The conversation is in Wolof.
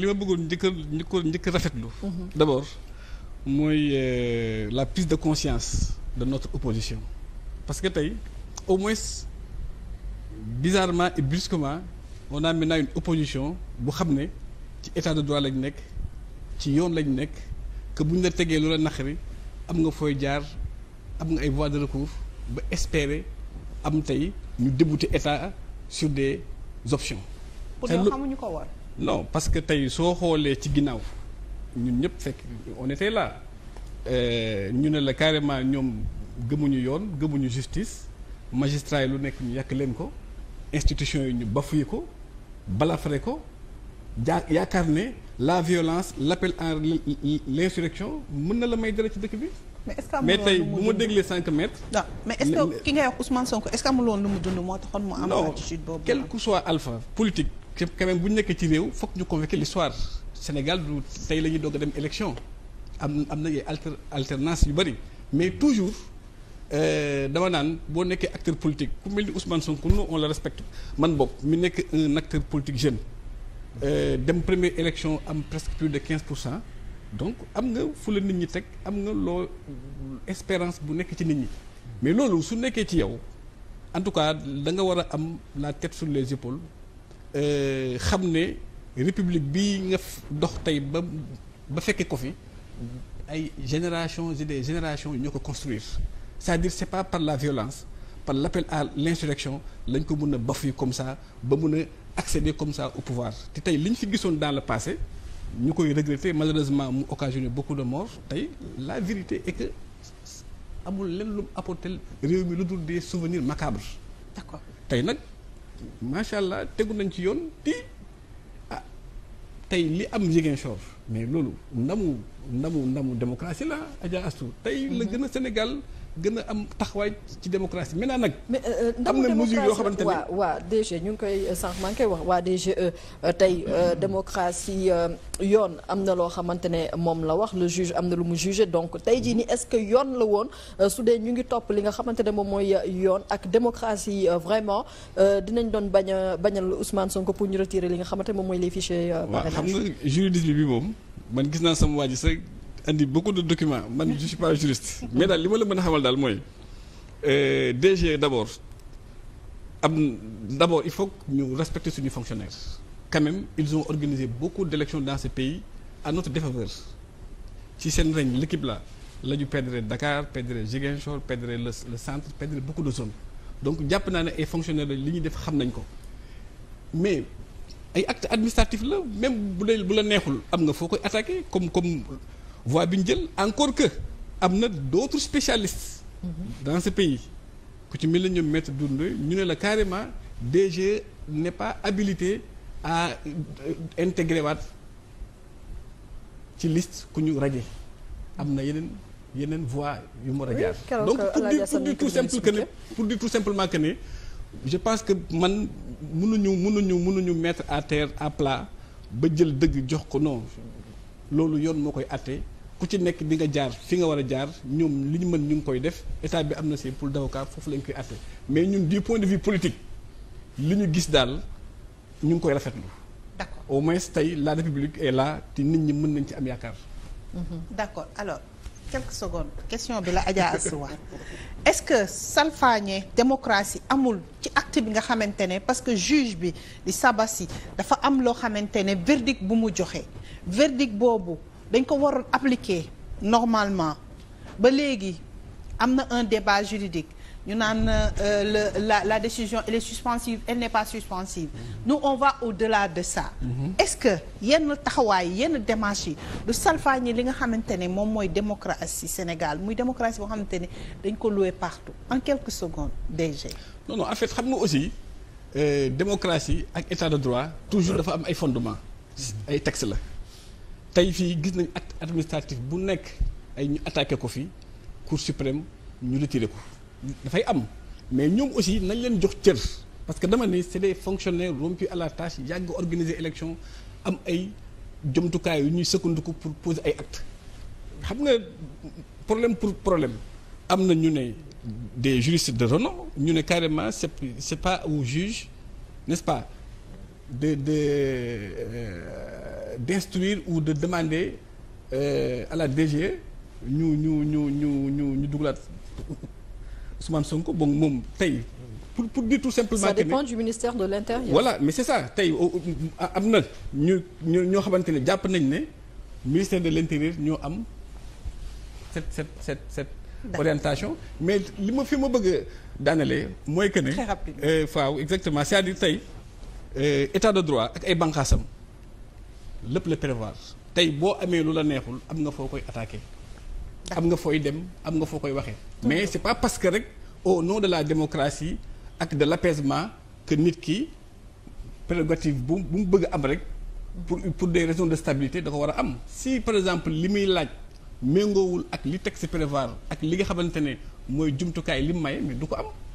li ma bëggoon njëkk a njëkk a njëkk rafetlu. Mhm. d' abord mooy euh, la prise de conscience de notre opposition parce que tey au moins bizarrement et brusquement on a maintenant une opposition bu xam ne ci état de droit lañ nekk ci yoon lañ nekk que bu ñu la tegee loola naqari am nga fooy jaar am nga ay voies de recours ba espérer am tey ñu débouter état sur des options. pour ñoo non parce que tey soo xoolee ci ginnaaw ñun ñëpp fekk on la là euh, ñu ne la carrément ñoom gëmuñu yoon gëmuñu justice magistrat yi lu nekk ñu yàkk leen ko institution yi ñu bafuye ko balafre ko jaa yaakaar ne la violence l'appel à l'insurrection mun na la may dara ci dëkk bi mais tey bu ma déglee cinq mètres. waaw mais est-ce que ki ngay wax Ousmane Sonko est-ce que amul woon lu mu dund moo taxoon mu am attitude boobu quel que soit alpha politique quand même bu ñu nekkee ci réew foog ñu convoquer l'histoire Sénégal du tey la ñuy doog a dem élection am am na ay alter alternance yu bëri mais toujours euh, dama naan boo nekkee acteur politique ku mel ni Ousmane Sonko nous on le respecte man bokk mi nekk un acteur politique jeune euh, dem première élection am presque plus de quinze pour cent donc am nga fu la nit ñi teg am nga loo espérance bu nekk ci nit ñi mais loolu su nekkee ci yow en tout cas da nga war a am la tête sur les épaules euh, xam ne république bi nga dox tey ba ba fekkee ko fi ay génération et des générations ñoo ko construire c'est-à-dire c'est pas par la violence par l'appel à l'insurrection lañ ko mun a bafouer comme ça ba mun a accéder comme ça au pouvoir te tey li ñu fi gisoon dans le passé ñu koy regretter malheureusement mu occasionné beaucoup de morts tey la vérité est que amul lenn lu mu réew mi lu dul des souvenirs macabres. d'accord tey nag macha allah tegu nañ ci yoon ti ah tey li am Ziguinchor mais loolu ndamu ndamu ndamu démocratie la Adja Astou tey la mhm. gën a Sénégal. gën a am tax taxawaay ci démocratie maintenant nag. Euh, euh, am na mu yoo xamante ne waa waa DG ñu ngi koy euh, sànq maa ngi koy wax waa DGE tey mm-hmm. démocratie yoon am na loo xamante ne moom la wax le juge am na lu mu jugé donc tey jii nii est-ce que yoon la woon su dee ñu ngi topp li nga xamante ne moom mooy yoon ak démocratie vraiment dinañ doon bañ a bañal Ousmane Sonko pour ñu retirer li nga xamante moom mooy les fichiers. parrainage waaw xam na juridisme bi moom man gis naa sama waa ji sax andi beaucoup de documents man je suis pas juriste. mais daal li ma la mën a xamal daal mooy DG euh, d' abord am d' abord il faut ñu respecte suñu fonctionnaire quand même ils ont organisé beaucoup d' élections dans ce pays à notre défaveur ci seen règne l' équipe là la ñu perdre Dakar perdre Ziguinchor perdre le le centre perdre beaucoup de zones donc jàpp naa ne ay fonctionnaires li ñuy def xam nañ ko mais. ay acte administratif la même bu dee bu la neexul am nga foo koy attaqué comme comme voie bi ñu jël encore que am na d'autres spécialistes dans ce pays ku ci mel ne ñoom maître Doudou ñu ne la carrément DG n'est pas habilité à euh, intégrer waat ci liste ku ñu raje am na yeneen yeneen voie yu mu rajaar donc pour dire pour dire tout simple pour dire tout simplement que ne je pense que man mënuñu mënuñu mënuñu mettre à terre à plat ba jël dëgg jox ko non loolu yoon moo koy àtte ku ci nekk di nga jaar fi nga war a jaar ñoom li ñu mën ñu ngi koy def état bi am na si pour d'avocat foofu lañ koy àtte mais ñun du point de vue politique li ñu gis daal ñu ngi koy rafetlu. d'accord au moins tey la république est là te nit ñi mën nañ ci am yaakaar. Mhm. d'accord alors quelques secondes question bi la Adja Assoua est-ce que salfaañe démocratie amul ci acte bi nga xamante ne parce que juge bi di Sabassi dafa am loo xamante ne verdict bu mu joxe verdict boobu. dañ ko waroon appliquer normalement ba léegi am na un débat juridique ñu naan euh, le la la décision elle est suspensive elle n'est pas suspensive nous on va au-delà de ça mm-hmm. est-ce que yenn taxawaay yenn démarche yi du salfaañi li nga xamante ne moom mooy démocratie Sénégal muy démocratie boo xamante ne dañ ko loué partout en quelque secondes DG non non en fait xam nga aussi euh, démocratie ak état de droit toujours dafa am ay fondement mm-hmm. ay texte la tey fii gis nañ acte administratif bu nekk ay ñu attaqué ko fii cour suprême ñu retiré ko dafay am mais ñoom aussi nañ leen jox cër parce que dama ne c'est des fonctionnaires rompus à la tâche yàgg organiser élection am ay jomtukaay yu ñuy sëkkandiku pour poser ay actes xam nga problème pour problème am na ñu ne des juristes de renom ñu ne carrément c'est c'est pas au juge n'est-ce pas de de euh, d'instruire ou de demander euh, la DG ñu ñu ñu ñu ñu ñu dugalaat Ousmane Sonko bon moom tey. pour pour dire tout simplement. ça dépend du ministère de l'intérieur. voilà mais c'est ça tey am na ñu ñu ñoo xamante ne jàpp nañ ne ministère de l'intérieur ñoo am cette cette cette cette. orientation mais li ma fi ma bëgg a daanalee mm-hmm. mooy que ne. très rapide faaw euh, exactement c'est-à-dire tey euh, état de droit ak ay banquasam lépp la prévoir tey boo amee lu la neexul am nga foo koy attaqué am nga fooy dem am nga foo koy waxee mais c'est pas parce que rek au nom de la démocratie ak de l'apaisement que nit ki prérogative bu bu mu bëgg am rek pour pour de raisons de stabilité da ko war a am si par exemple li muy laaj méngoowul ak li teg si prévoir ak li nga xamante ne mooy jumtukaay li mu may mais du ko am